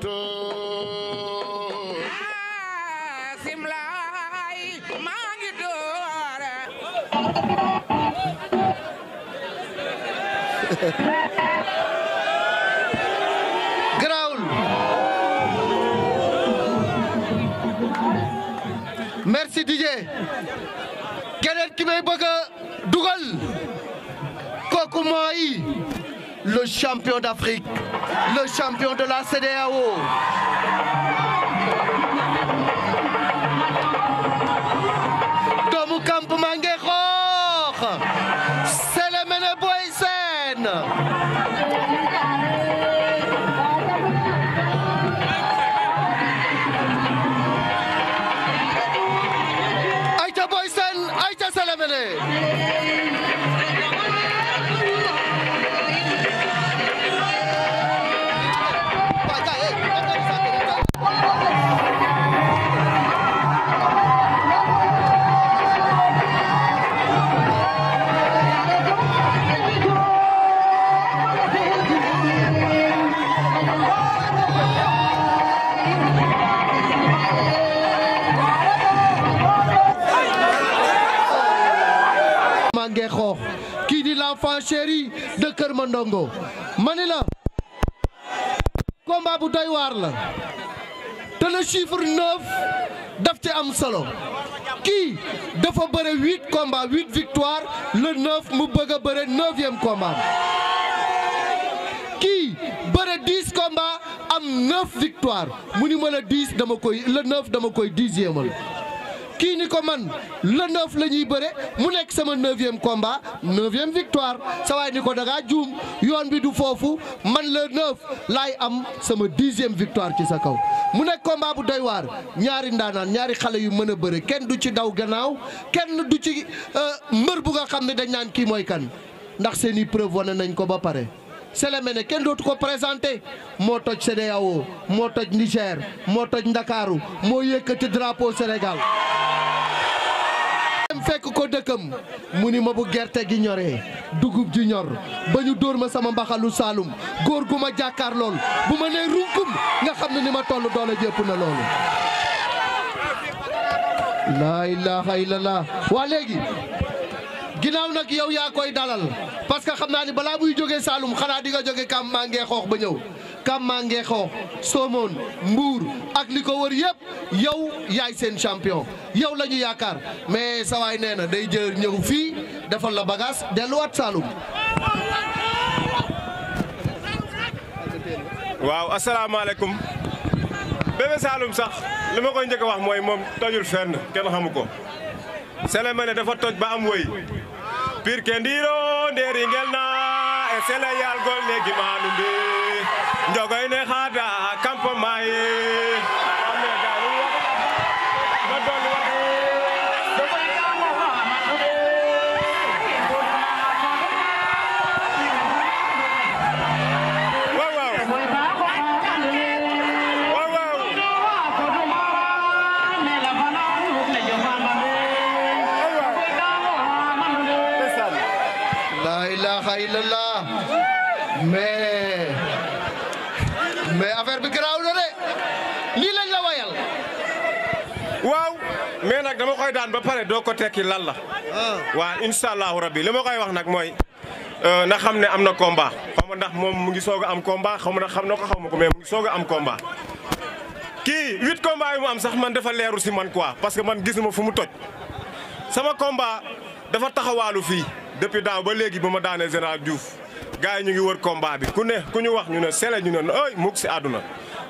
door Xaasim laay merci DJ keneen ki may bëgg a dugal kooku mooy le champion d'Afrique, le champion de la CDAO. Demba Ndongo mani la combat bu doy waar la te le chiffre neuf daf ci am solo kii dafa bëre huit mu bëgg a bëre neuvième combat kii bëre dix am neuf victoire mu ni ma la dix dama koy le neuf dama koy dixième kii ni ko man le neuf la ñuy bëre mu nekk sama neuvième combat neuvième victoire sa waay ni ko dangaa ngaa juum yoon wi du foofu man le neuf laay am sama dixième victoire ci sa kaw mu nekk combat bu doy ñaari ndaanaan ñaari xale yu mën a bëre kenn du ci daw gannaaw kenn du ci euh, mbër bu nga xam ne dañ naan kii mooy kan ndax seen i preuve wane nañ ko ba pare Sélé ne kenn dootu ko présenté moo toj CEDEAO moo toj Niger moo toj Ndakaaru moo yëkkati drapo Sénégal dem fekk ko dëkkam mu ni ma bu gerte gi ñoree dugub ji ñor ba ñu dóor ma sama mbaxalu Saalum góor gu ma jàkkaar lool bu ma nee runkum nga xam ne ni ma toll doole jëpp na loolu laa ilaaha illallah waa léegi ginnaaw nag yow yaa koy dalal parce que xam naa ni balaa muy jóge Saalum xanaa di nga jóge kam maa ngee xoox ba ñëw kam maa ngee xoox Somone Mbour ak li ko wër yëpp yow yaay seen champion yow la ñu yaakaar mais sawaay nee na day jër ñëw fii defal la bagage delluwaat Saalum waaw asalaamaaleykum Bébé Saloum sax li ma koy njëkk wax mooy moom tojul fenn kenn xamu ko Sélé Mané dafa toj ba am woy pirkendiro nderi ngel na e sele yalgol ne gima ɗum mbi jogoyne ha daw na waaw mais nag dama koy daan ba pare doo ko tekki lan la ah. waaw incha allahu rabbi li ma koy wax nag mooy euh, na xam ne am na combat xaw ma ndax moom mu ngi soog am combat xaw ma ndax xam na ko xaw ma ko mais mu ngi soog am combat kii huit combat yi mu am sax man dafa leeru si man quoi parce que man gis ma fu mu toj sama combat dafa taxawaalu fii depuis daaw ba léegi ba ma daanee général Diouf gars yi ñu ngi wër combat bi ku ne ku ñu wax ñu ne sele ñu ne ay mukk si àdduna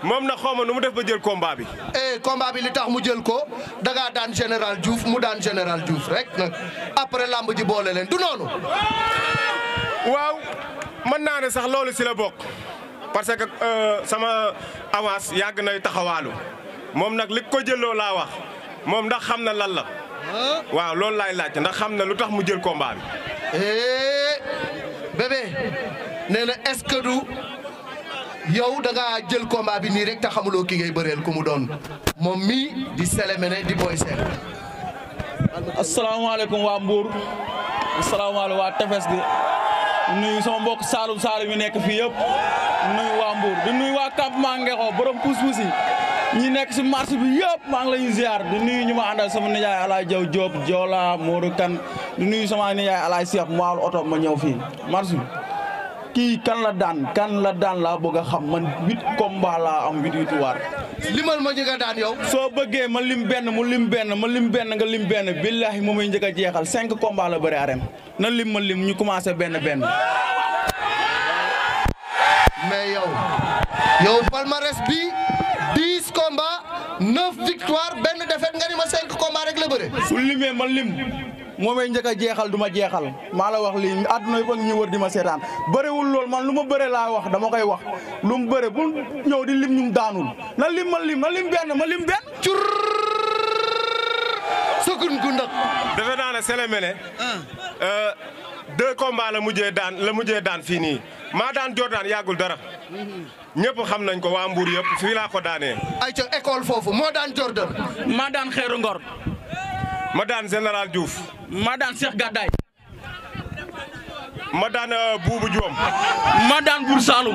moom na xaw ma nu mu def ba jël combat bi. eh combat bi li tax mu jël ko da ngaa daan général Diouf mu daan général Diouf rek nag après làmb ji boole leen du noonu. waaw mën naa sax loolu si la bokk parce que euh, sama avance yàgg nay taxawaalu moom nag li ko jëloo laa wax moom ndax xam na lan la. Ah. waaw loolu laay laaj ndax xam na lu tax mu jël combat bi. Eh, bébé nee na est yow da ngaa jël combat bi nii rek taxamuloo xamuloo ki ngay mu doon moom mi di Sélémène di Boy Sène. asalaamaaleykum waa Mbour asalaamaaleykum waa Tefes gi nuyu sama mbokk Saalum Saalum yi nekk fii yëpp nuyu waa Mbour di nuyu waa campement Ngexo borom pousse-pousse yi ñi nekk si marché bi yëpp maa ngi lay ziar di nuyu ñu ma àndal sama nijaay alaay jaw Diop Joola Modou di nuyu sama nijaay alaay Seex mu oto ma ñëw fii marché kii kan la daan kan la daan laa bëgg a xam man huit combat laa am huit victoire. limal ma njëkk a daan yow. soo bëggee ma lim benn mu lim benn ma lim benn nga lim benn billahi moom may njëkk a jeexal cinq combat la bëri arène na lim ma lim ñu commencé benn benn. mais yow yow palmarès bi dix combats neuf victoire benn défaite nga ni ma cinq rek la bëre. su limee ma lim. moomay njëkk a jeexal du ma jeexal maa la wax lii àdduna yëpp a ngi ñu wër di ma seetaan bëriwul lool man lu ma bëre laa wax dama koy wax lu mu bëre bu ñëw di lim ñu daanul na lim ma lim na lim benn ma lim benn cur sukun ku ndax defe naa ne selemele ah. euh, deux combats la mujjee daan la mujjee daan fii nii maa daan Jordan yàggul dara mhm. ñëpp xam nañ ko waa Mbour yëpp fii laa ko daanee. ay ca école foofu moo daan Jordan. maa daan xeeru ngor. ma daan général Diouf. ma daan Cheikh Gàddaay. ma euh, daan Buubu Joom. ma daan Buur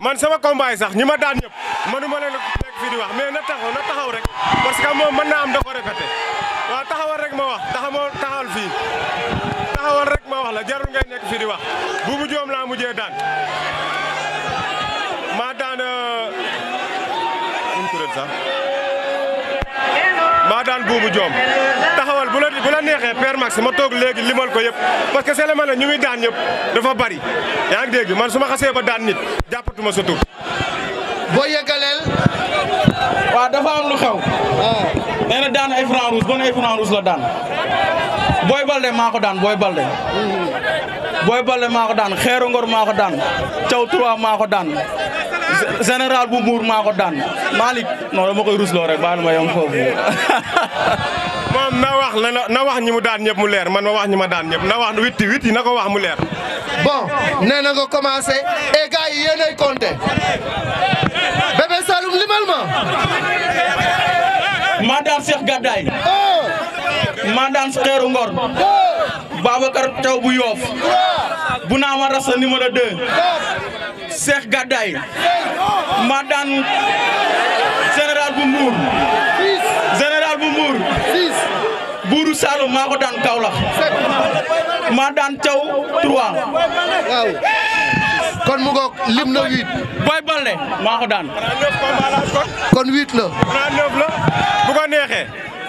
man sama combat yi sax ñi ma daan ñëpp ma leen nekk fii di wax mais na taxaw na taxaw rek parce que moom mën naa am da ko répété waaw taxawal rek ma wax taxawal taxawal fii taxawal rek ma wax la jarul ngay nekk fii di wax Buubu Joom laa mujjee daan. daan buubu joom taxawal bu la bu la neexee Père Max ma toog léegi limal ko yëpp parce que seetlu ma ne ñu muy daan yëpp dafa bari yaa ngi dégg man su ma xasee ba daan nit jàppatuma sa tur. boo yëgaleel. waaw dafa am lu xew. Ah. nee na daan ay franc rouge bon ay la daan Boy Balde maa daan Boy Balde. Mm-hmm. Boy Balde maa daan Xeeru Ngor daan Thiaw Trois maa daan. général bu muur maa ko daan Malick non dama koy rusloo rek baal ma yem foofu moom na wax na wax ñi mu daan ñëpp mu leer ma ma wax ñi ma daan ñëpp na wax witti witti na ko wax mu leer bo nee na nga commencé et gars yi yéenay limal ma maa daan Cheikh Gaddaay maa daan Xeeru Ngor Babacar Taw bu Yoof bu naa ma rasa numéro 2 Cheikh Gàddaay ma daan général bu Mbour général bu Mbour buuru Saloum maa ko daan Kaolack maa daan Thiaw 3 waaw kon mu ngoog lim na 8 Boy Baldé maa ko daan kon 8 la bu ko neexee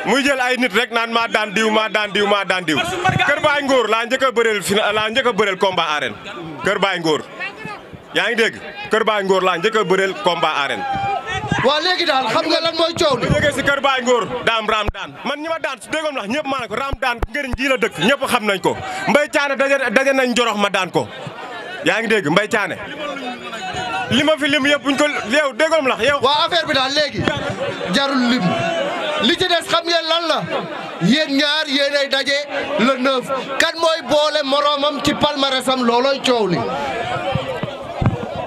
muy jël ay nit rek naan maa daan diw maa daan diw Kër Baay Ngóor laa njëkk a bëreel laa njëkk a bëreel combat Kër Baay Ngóor yaa ngi dégg Kër Baay Ngor laa njëkk a bëreel combat arène. waaw léegi daal xam nga lan mooy coow li. bu jógee si Kër Baay Ngor daam raam daan man ñi ma daan su déggoon wax ñëpp maa ko raam daan ngëriñ ji la dëkk ñëpp xam nañ ko Mbay Caane daje nañ jorox ma daan ko yaa ngi dégg Mbay Caane. li ma fi lim yëpp buñ ko yow déggoon lax yow. waaw affaire bi daal léegi jarul lim li ci des xam ngeen lan la yéen ñaar yéenay daje le neuf kan mooy boole moroomam ci palmarèsam loolooy coow li.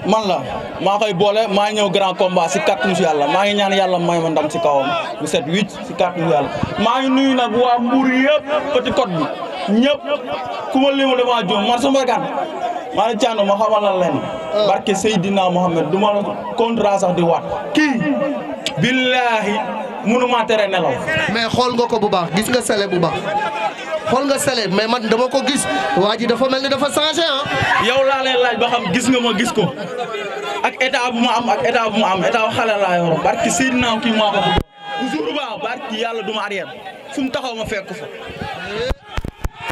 man la maa koy boole maa ñëw grand combat si kàttanu si yàlla maa ngi ñaan yàlla may ma ndam si kawam bu set huit si kàttanu yàlla maa ngi nuyu nag waa Mbour yëpp Petite bi ñëpp ku ma limu damaa juum man sama kan maa ngi caanu ma xamal la leen ah. barke Seydina Mohamed du ma contrat sax di waat kii billaahi mënu maa tere nelaw mais xool nga ko bu gis nga sele bu xool nga sele mais man dama ko gis waa ji dafa mel ni dafa changé ah. yow laa lay laaj ba xam gis nga ma gis ko ak état bu ma am ak état bu ma am état xale laa yor barki Seydina kii maa ko bëgg. toujours bu yàlla duma ma arrière fu mu taxaw ma fekk fa.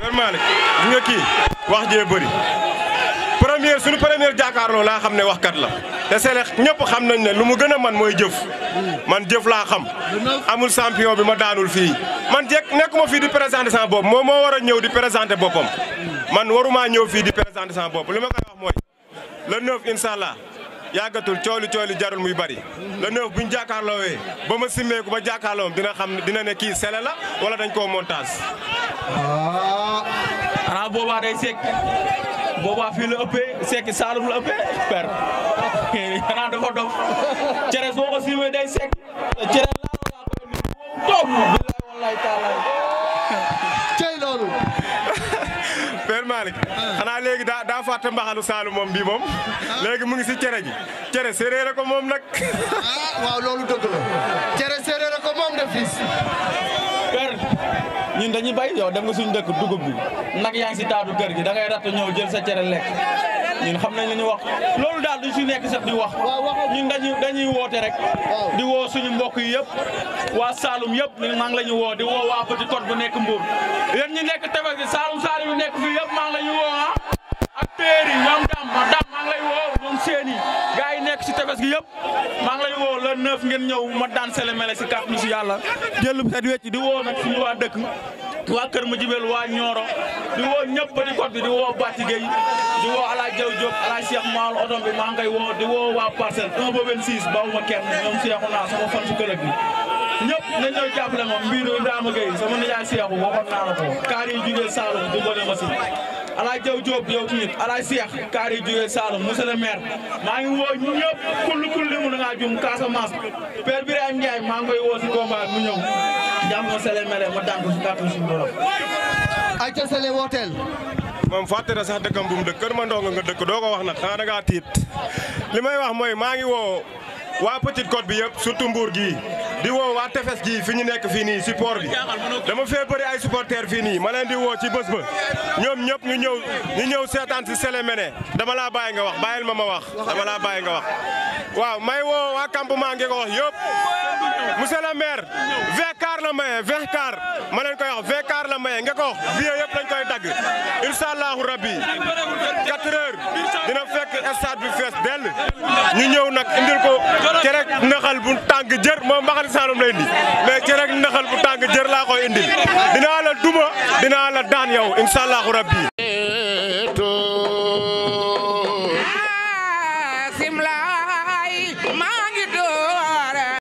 normal gis nga kii wax jee bëri première suñu première jàkkaarloo laa xam ne waxkat la. te Sélé ñëpp xam nañ ne lu mu gën a man mooy jëf man jëf laa xam amul champion bi ma daanul fii man jekk nekkuma fii di présenter sama bopp moo moo war a ñëw di présenter boppam man waruma ñëw fii di présenter sama bopp li ma koy wax mooy le neuf incha allah yàggatul cooli cooli jarul muy bari le neuf buñ jàkkaarloowee ba ma simmeeku ba jàkkaarloom dina xam dina ne kii sele la wala dañ koo montage. ah boobaa day sekk boobaa fii la ëppee sekk saalum la ëppee per. xanaa dafa dof cere soo ko siiwee day sekk cere laa ko ni toog billahi wallahi taala cey loolu Père Malick xanaa léegi daa daa fàtte mbaxalu Saalum moom bii moom léegi mu ngi si cere ji cere séeréer a ko moom nag ah, waaw loolu dëgg la cere séeréer a ko moom de fils Père ñun dañuy bay yow dem nga suñu dëkk dugub bi nag yaa ngi si taatu kër gi da ngay ratt ñëw jël sa cere lekk ñun xam nañ li ñu wax loolu daal duñ si nekk sax di wax ñun dañuy dañuy woote rek di woo suñu mbokk yi yëpp waa Saloum yëpp ñun maa ngi la ñu woo di woo waa Petit Côte bu nekk Mbour yéen ñu nekk Tefes gi Saloum Saloum yu nekk fii yëpp maa ngi la ñu woo ah ak téeri ñoom dam ma dam maa ngi lay woo ñoom seen yi gars yi nekk ci tefes gi yëpp maa ngi lay woo la neuf ngeen ñëw ma daan selemele si kàttanu si yàlla jëlum set wecc di woo nag suñu waa dëkk waa Kër Madiabel waa Nioro di woo ñëpp di kot bi di woo Bati Gueye di woo El Hadj Diaw Diop El Maal oto bi maa ngi woo di woo waa parcelle 1 ba 26 kenn ñoom Cheikh naa sama fan su kër bi. ñëpp nañ ñoo jàppale ma mbiru Ibrahima Gueye sama nijaay Cheikh waxoon naa la ko kaar yi jugee Saloum dimbale ma si. alaay jaw Diop yow tamit alaay Seex kaar yi Saalum monsieur le maire maa ngi woo ñëpp kulli kulli mu na ngaa jum Casamance Père Birame Ndiaye maa koy woo jamo sele mele mo dantu ci kàttu suñu borom ay ca sele wooteel moom fàtte na sax dëkkam bu mu dëkk kër ma ndongo nga dëkk doo ko wax nag xanaa tiit li may wax mooy maa ngi woo waa Petite Côte bi yëpp surtout Mbour gii di woo waa tefes gii fi ñu nekk fii nii support bi dama fee bëri ay supporters fii nii ma leen di woo ci bés ba ñoom ñëpp ñu ñëw ñu ñëw seetaan si Sele Mele dama laa bàyyi nga wax bàyyil ma ma wax dama laa bàyyi nga waaw may woo waa campement ngi ko wax yëpp monsieur le maire vingt car la maye vingt car ma leen koy wax vingt car la maye nga ko wax billet yëpp lañ koy dagg incha allahu rabbi quatre heures dina fekk stade bi fees dell ñu ñëw nag indil ko cerek naxal bu tàng jër moom mbaxal saalum lay indi mais cerek naxal bu tàng jër laa ko indi dina la duma dinaa la daan yow incha allahu rabbi